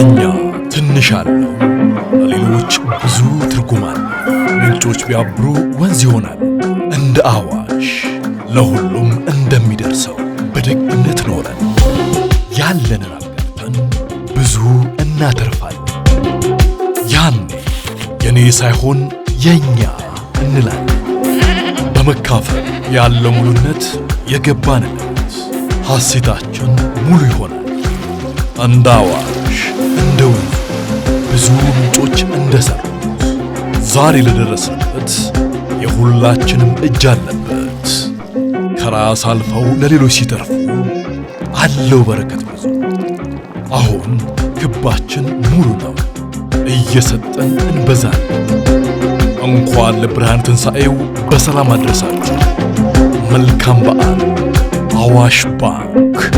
እኛ ትንሽ አለ ለሌሎች ብዙ ትርጉም አለ። ምንጮች ቢያብሩ ወንዝ ይሆናል እንደ አዋሽ ለሁሉም እንደሚደርሰው በደግነት ኖረን ያለንን አጋርተን ብዙ እናተርፋለን። ያኔ የኔ ሳይሆን የኛ እንላለን። በመካፈል ያለ ሙሉነት የገባንነት ሐሴታችን ሙሉ ይሆናል እንደ አዋሽ ብዙ ምንጮች እንደሰሩት ዛሬ ለደረስንበት የሁላችንም እጅ አለበት። ከራስ አልፈው ለሌሎች ሲተርፉ አለው በረከት ብዙ። አሁን ክባችን ሙሉ ነው፣ እየሰጠን እንበዛለን። እንኳን ለብርሃን ትንሣኤው በሰላም አድረሳችሁ። መልካም በዓል። አዋሽ ባንክ